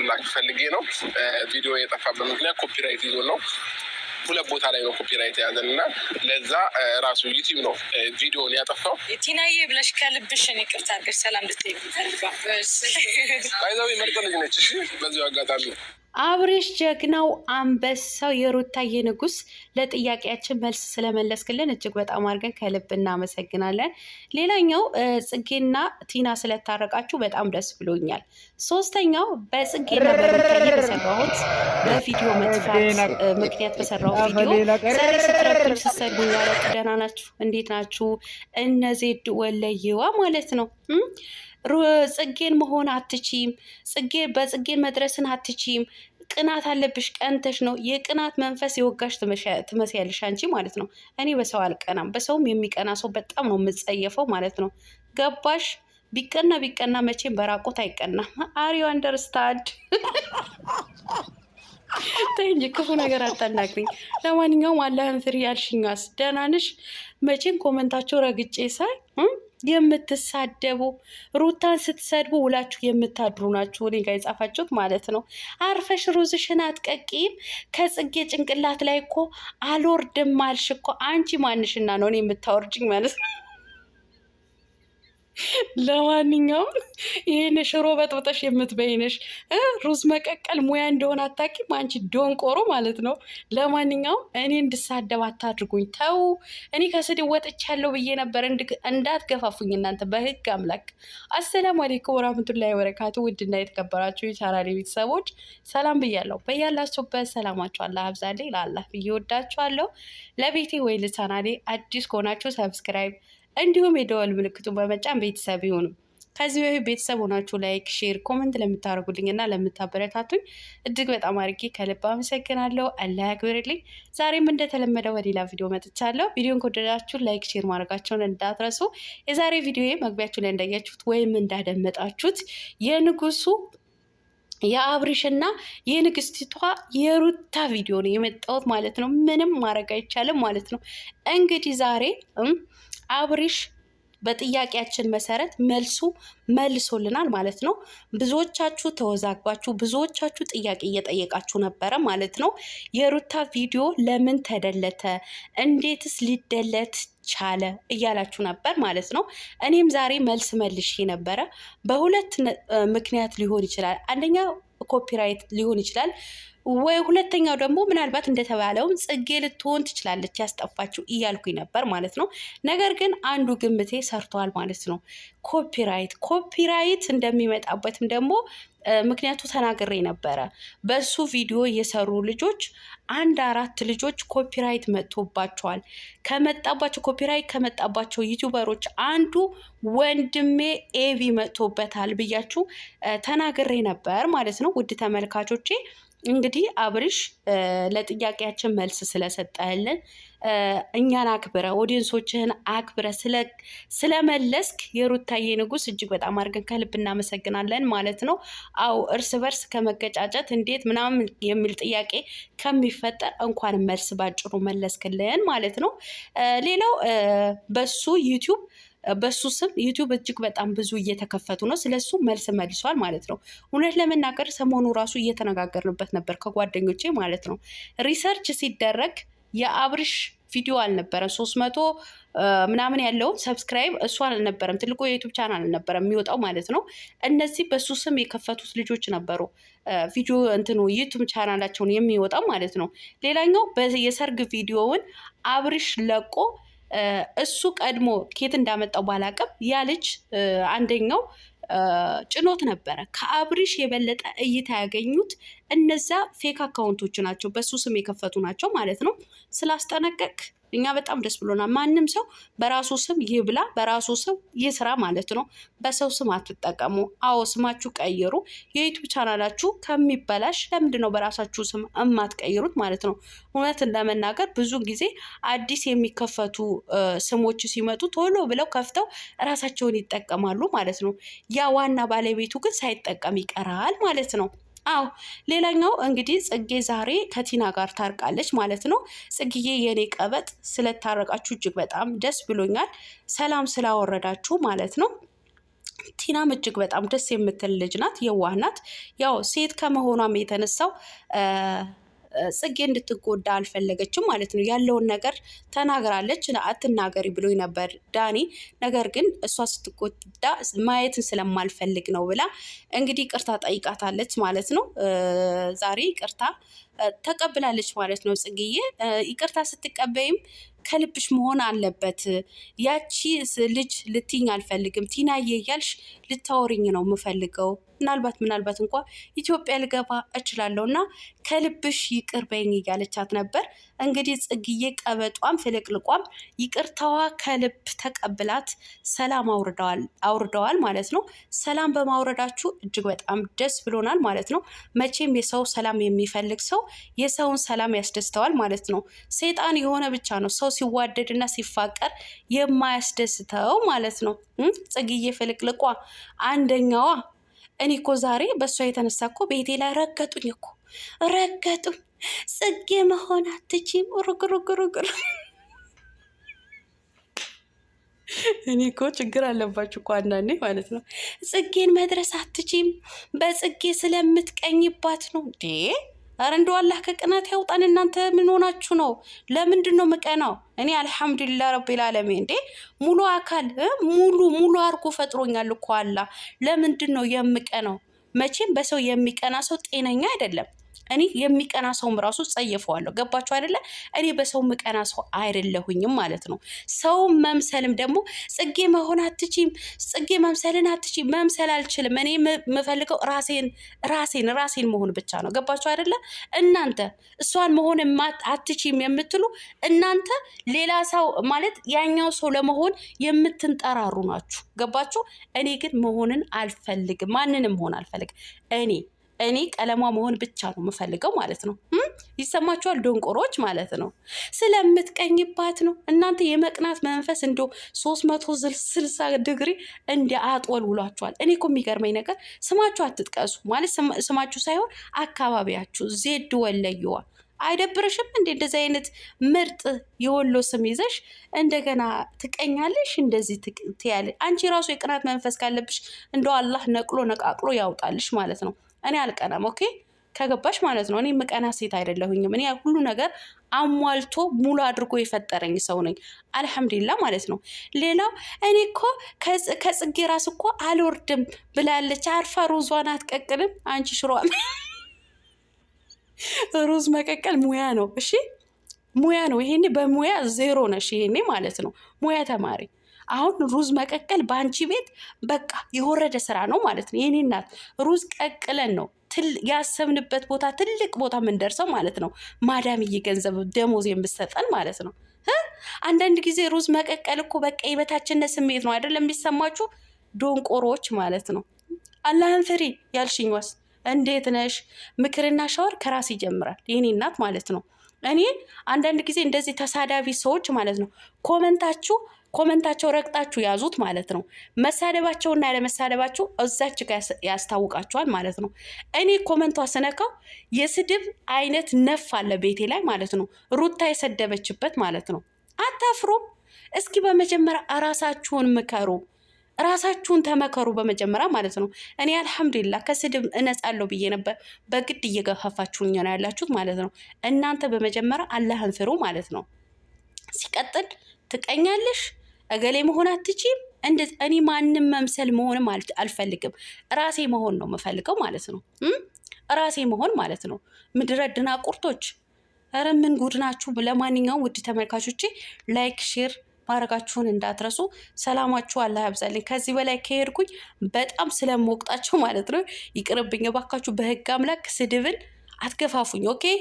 ልላችሁ ፈልጌ ነው። ቪዲዮ የጠፋበት ምክንያት ኮፒራይት ይዞ ነው። ሁለት ቦታ ላይ ነው ኮፒራይት የያዘን እና ለዛ ራሱ ዩቲዩብ ነው ቪዲዮን ያጠፋው። ቲናዬ ብለሽ ከልብሽን ይቅርታ አድርገሽ ሰላም ልትይ ይፈልጋል። ባይዛዊ መርጠ ልጅ ነች። እሺ በዚሁ አጋጣሚ አብሬሽ ጀግናው አንበሳው የሩታዬ ንጉስ ለጥያቄያችን መልስ ስለመለስክልን እጅግ በጣም አድርገን ከልብ እናመሰግናለን። ሌላኛው ጽጌና ቲና ስለታረቃችሁ በጣም ደስ ብሎኛል። ሶስተኛው በጽጌና በሩታዬ በሰራሁት በቪዲዮ መጥፋት ምክንያት በሰራሁት ቪዲዮ ዛሬ ስትረብኝ ያላችሁ ደህና ናችሁ? እንዴት ናችሁ? እነዜድ ወለየዋ ማለት ነው ጽጌን መሆን አትችም፣ ጽጌ በጽጌን መድረስን አትችም። ቅናት አለብሽ፣ ቀንተሽ ነው። የቅናት መንፈስ የወጋሽ ትመስያለሽ አንቺ ማለት ነው። እኔ በሰው አልቀናም፣ በሰውም የሚቀና ሰው በጣም ነው የምጸየፈው ማለት ነው። ገባሽ? ቢቀና ቢቀና መቼም በራቆት አይቀናም። አሪ አንደርስታንድ ተንጂ ክፉ ነገር አታናግሪኝ። ለማንኛውም አላህን ፍሪ ያልሽኛስ፣ ደህና ነሽ? መቼም ኮመንታቸው ረግጬ ሳይ የምትሳደቡ ሩታን ስትሰድቡ ውላችሁ የምታድሩ ናችሁ። እኔ ጋር የጻፋችሁት ማለት ነው። አርፈሽ ሩዝሽን አትቀቂም። ከጽጌ ጭንቅላት ላይ እኮ አልወርድም አልሽ እኮ አንቺ ማንሽና ነው እኔ የምታወርጅኝ ማለት ነው። ለማንኛውም ይህን ሽሮ በጥብጠሽ የምትበይነሽ ሩዝ መቀቀል ሙያ እንደሆነ አታውቂም አንቺ ዶንቆሮ ማለት ነው። ለማንኛውም እኔ እንድሳደብ አታድርጉኝ፣ ተው። እኔ ከስድብ ወጥቻለሁ ብዬ ነበር፣ እንዳትገፋፉኝ እናንተ በህግ አምላክ። አሰላሙ አሌይኩም ወራህመቱላሂ ወበረካቱ። ውድና የተከበራችሁ የቻናሌ ቤተሰቦች ሰላም ብያለሁ። በያላችሁበት ሰላማችሁ አላህ አብዛልኝ። ለአላህ ብዬ ወዳችኋለሁ። ለቤቴ ወይ ለቻናሌ አዲስ ከሆናችሁ ሰብስክራይብ እንዲሁም የደወል ምልክቱን በመጫን ቤተሰብ ይሁኑ። ከዚህ በፊት ቤተሰብ ሆናችሁ ላይክ፣ ሼር፣ ኮመንት ለምታደርጉልኝ እና ለምታበረታቱኝ እጅግ በጣም አድርጌ ከልብ አመሰግናለሁ። አላህ ያክብርልኝ። ዛሬም እንደተለመደው ወደ ሌላ ቪዲዮ መጥቻለሁ። ቪዲዮን ከወደዳችሁ ላይክ፣ ሼር ማድረጋቸውን እንዳትረሱ። የዛሬ ቪዲዮ መግቢያችሁ ላይ እንዳያችሁት ወይም እንዳደመጣችሁት የንጉሱ የአብርሽና የንግስቲቷ የሩታ ቪዲዮ ነው የመጣሁት ማለት ነው። ምንም ማድረግ አይቻልም ማለት ነው። እንግዲህ ዛሬ አብርሽ በጥያቄያችን መሰረት መልሱ መልሶልናል ማለት ነው። ብዙዎቻችሁ ተወዛግባችሁ፣ ብዙዎቻችሁ ጥያቄ እየጠየቃችሁ ነበረ ማለት ነው። የሩታ ቪዲዮ ለምን ተደለተ? እንዴትስ ሊደለት ቻለ እያላችሁ ነበር ማለት ነው። እኔም ዛሬ መልስ መልሼ ነበረ። በሁለት ምክንያት ሊሆን ይችላል። አንደኛ ኮፒራይት ሊሆን ይችላል ወይ ሁለተኛው ደግሞ ምናልባት እንደተባለውም ጽጌ ልትሆን ትችላለች ያስጠፋችው እያልኩኝ ነበር ማለት ነው። ነገር ግን አንዱ ግምቴ ሰርተዋል ማለት ነው። ኮፒራይት ኮፒራይት እንደሚመጣበትም ደግሞ ምክንያቱ ተናግሬ ነበረ። በሱ ቪዲዮ የሰሩ ልጆች አንድ አራት ልጆች ኮፒራይት መጥቶባቸዋል። ከመጣባቸው ኮፒራይት ከመጣባቸው ዩቱበሮች አንዱ ወንድሜ ኤቪ መጥቶበታል ብያችሁ ተናግሬ ነበር ማለት ነው። ውድ ተመልካቾቼ እንግዲህ አብርሽ ለጥያቄያችን መልስ ስለሰጠህልን እኛን አክብረ ኦዲየንሶችህን አክብረ ስለመለስክ የሩታዬ ንጉስ እጅግ በጣም አድርገን ከልብ እናመሰግናለን ማለት ነው። አው እርስ በርስ ከመገጫጨት እንዴት ምናምን የሚል ጥያቄ ከሚፈጠር እንኳን መልስ ባጭሩ መለስክልን ማለት ነው። ሌላው በሱ ዩቲዩብ በሱ ስም ዩቲዩብ እጅግ በጣም ብዙ እየተከፈቱ ነው። ስለሱ መልስ መልሷል ማለት ነው። እውነት ለመናገር ሰሞኑ ራሱ እየተነጋገርንበት ነበር ከጓደኞቼ ማለት ነው። ሪሰርች ሲደረግ የአብርሽ ቪዲዮ አልነበረም። ሶስት መቶ ምናምን ያለውን ሰብስክራይብ እሱ አልነበረም፣ ትልቁ የዩቱብ ቻናል አልነበረም የሚወጣው ማለት ነው። እነዚህ በሱ ስም የከፈቱት ልጆች ነበሩ ቪዲዮ እንትኑ ዩቱብ ቻናላቸውን የሚወጣው ማለት ነው። ሌላኛው የሰርግ ቪዲዮውን አብርሽ ለቆ እሱ ቀድሞ ኬት እንዳመጣው ባላቅም ያ ልጅ አንደኛው ጭኖት ነበረ። ከአብሪሽ የበለጠ እይታ ያገኙት እነዛ ፌክ አካውንቶች ናቸው፣ በሱ ስም የከፈቱ ናቸው ማለት ነው። ስላስጠነቀቅ እኛ በጣም ደስ ብሎናል። ማንም ሰው በራሱ ስም ይብላ፣ በራሱ ስም ይስራ ማለት ነው። በሰው ስም አትጠቀሙ። አዎ ስማችሁ ቀይሩ። የዩቱብ ቻናላችሁ ከሚበላሽ ለምንድን ነው በራሳችሁ ስም እማትቀይሩት ማለት ነው? እውነትን ለመናገር ብዙ ጊዜ አዲስ የሚከፈቱ ስሞች ሲመጡ ቶሎ ብለው ከፍተው ራሳቸውን ይጠቀማሉ ማለት ነው። ያ ዋና ባለቤቱ ግን ሳይጠቀም ይቀራል ማለት ነው። አዎ ሌላኛው እንግዲህ ጽጌ ዛሬ ከቲና ጋር ታርቃለች ማለት ነው። ጽጌዬ የኔ ቀበጥ ስለታረቃችሁ እጅግ በጣም ደስ ብሎኛል። ሰላም ስላወረዳችሁ ማለት ነው። ቲናም እጅግ በጣም ደስ የምትል ልጅ ናት፣ የዋህ ናት። ያው ሴት ከመሆኗም የተነሳው ጽጌ እንድትጎዳ አልፈለገችም ማለት ነው። ያለውን ነገር ተናግራለች። አትናገሪ ብሎ ነበር ዳኒ፣ ነገር ግን እሷ ስትጎዳ ማየትን ስለማልፈልግ ነው ብላ እንግዲህ ቅርታ ጠይቃታለች ማለት ነው። ዛሬ ቅርታ ተቀብላለች ማለት ነው። ጽጌዬ ይቅርታ ስትቀበይም ከልብሽ መሆን አለበት። ያቺ ልጅ ልትኝ አልፈልግም፣ ቲናዬ እያልሽ ልታወሪኝ ነው የምፈልገው። ምናልባት ምናልባት እንኳ ኢትዮጵያ ልገባ እችላለሁ እና ከልብሽ ይቅር በይኝ እያለቻት ነበር። እንግዲህ ጽግዬ ቀበጧም ፍልቅልቋም ይቅርታዋ ከልብ ተቀብላት ሰላም አውርደዋል ማለት ነው። ሰላም በማውረዳችሁ እጅግ በጣም ደስ ብሎናል ማለት ነው። መቼም የሰው ሰላም የሚፈልግ ሰው የሰውን ሰላም ያስደስተዋል ማለት ነው። ሰይጣን የሆነ ብቻ ነው ሰው ሲዋደድና ሲፋቀር የማያስደስተው ማለት ነው። ጽግዬ ፍልቅልቋ አንደኛዋ። እኔ እኮ ዛሬ በእሷ የተነሳ እኮ ቤቴ ላይ ረገጡኝ እኮ ረገጡኝ። ጽጌ መሆን አትችም ሩግሩግሩግር እኔ እኮ ችግር አለባችሁ እኮ አንዳንዴ ማለት ነው። ጽጌን መድረስ አትችም በጽጌ ስለምትቀኝባት ነው ዴ አረ እንደው አላህ ከቅናት ያውጣን። እናንተ ምን ሆናችሁ ነው? ለምንድን ነው መቀናው? እኔ አልሐምዱሊላ ረቢል ዓለሚን እንዴ ሙሉ አካል ሙሉ ሙሉ አድርጎ ፈጥሮኛል እኮ አላህ። ለምንድን ነው የምቀናው? መቼም በሰው የሚቀና ሰው ጤነኛ አይደለም። እኔ የሚቀና ሰውም ራሱ ጸየፈዋለሁ። ገባችሁ አይደለ? እኔ በሰው ምቀና ሰው አይደለሁኝም ማለት ነው። ሰው መምሰልም ደግሞ ጽጌ መሆን አትችም፣ ጽጌ መምሰልን አትችም። መምሰል አልችልም። እኔ የምፈልገው ራሴን ራሴን ራሴን መሆን ብቻ ነው። ገባችሁ አይደለ? እናንተ እሷን መሆን አትችም የምትሉ እናንተ ሌላ ሰው ማለት ያኛው ሰው ለመሆን የምትንጠራሩ ናችሁ። ገባችሁ? እኔ ግን መሆንን አልፈልግም። ማንንም መሆን አልፈልግም እኔ እኔ ቀለሟ መሆን ብቻ ነው የምፈልገው ማለት ነው። ይሰማችኋል? ዶንቆሮች ማለት ነው። ስለምትቀኝባት ነው እናንተ የመቅናት መንፈስ እንደ ሶስት መቶ ስልሳ ዲግሪ እንደ አጦል ውሏችኋል። እኔ እኮ የሚገርመኝ ነገር ስማችሁ አትጥቀሱ ማለት ስማችሁ ሳይሆን አካባቢያችሁ ዜድ ወለየዋ አይደብርሽም እንዴ? እንደዚህ አይነት ምርጥ የወሎ ስም ይዘሽ እንደገና ትቀኛለሽ፣ እንደዚህ ትያለ አንቺ ራሱ የቅናት መንፈስ ካለብሽ እንደ አላህ ነቅሎ ነቃቅሎ ያውጣልሽ ማለት ነው። እኔ አልቀናም። ኦኬ ከገባሽ ማለት ነው። እኔ ምቀና ሴት አይደለሁኝም። እኔ ሁሉ ነገር አሟልቶ ሙሉ አድርጎ የፈጠረኝ ሰው ነኝ። አልሐምዱሊላ ማለት ነው። ሌላው እኔ እኮ ከጽጌ ራስ እኮ አልወርድም ብላለች። አርፋ ሩዟን አትቀቅልም። አንቺ ሽሮ ሩዝ መቀቀል ሙያ ነው። እሺ ሙያ ነው። ይሄኔ በሙያ ዜሮ ነሽ። ይሄኔ ማለት ነው ሙያ ተማሪ አሁን ሩዝ መቀቀል በአንቺ ቤት በቃ የወረደ ስራ ነው ማለት ነው። የኔ እናት ሩዝ ቀቅለን ነው ያሰብንበት ቦታ ትልቅ ቦታ የምንደርሰው ማለት ነው። ማዳምዬ ገንዘብ ደሞዝ የምሰጠን ማለት ነው። አንዳንድ ጊዜ ሩዝ መቀቀል እኮ በቃ የበታችነት ስሜት ነው አይደለም የሚሰማችሁ ዶንቆሮዎች ማለት ነው። አላህን ፍሪ ያልሽኝዋስ እንዴት ነሽ? ምክርና ሻወር ከራስ ይጀምራል የኔ እናት ማለት ነው። እኔ አንዳንድ ጊዜ እንደዚህ ተሳዳቢ ሰዎች ማለት ነው ኮመንታችሁ ኮመንታቸው ረግጣችሁ ያዙት ማለት ነው። መሳደባቸውና ያለመሳደባቸው እዛች ጋ ያስታውቃቸዋል ማለት ነው። እኔ ኮመንቷ ስነካው የስድብ አይነት ነፍ አለ ቤቴ ላይ ማለት ነው። ሩታ የሰደበችበት ማለት ነው። አታፍሩም? እስኪ በመጀመሪያ እራሳችሁን ምከሩ። ራሳችሁን ተመከሩ በመጀመሪያ ማለት ነው። እኔ አልሐምዱሊላ ከስድብ እነጻለሁ ብዬ ነበር። በግድ እየገፋፋችሁኝ ነው ያላችሁት ማለት ነው። እናንተ በመጀመሪያ አላህን ፍሩ ማለት ነው። ሲቀጥል ትቀኛለሽ እገሌ መሆን አትችም። እንደ እኔ ማንም መምሰል መሆንም አልፈልግም። ራሴ መሆን ነው የምፈልገው ማለት ነው። ራሴ መሆን ማለት ነው። ምድረ ድናቁርቶች፣ ኧረ ምን ጉድ ናችሁ! ለማንኛውም ውድ ተመልካቾቼ ላይክ፣ ሼር ማድረጋችሁን እንዳትረሱ። ሰላማችሁ አላህ ያብዛልኝ። ከዚህ በላይ ከሄድኩኝ በጣም ስለምወቅጣቸው ማለት ነው። ይቅርብኝ እባካችሁ፣ በህግ አምላክ ስድብን አትገፋፉኝ። ኦኬ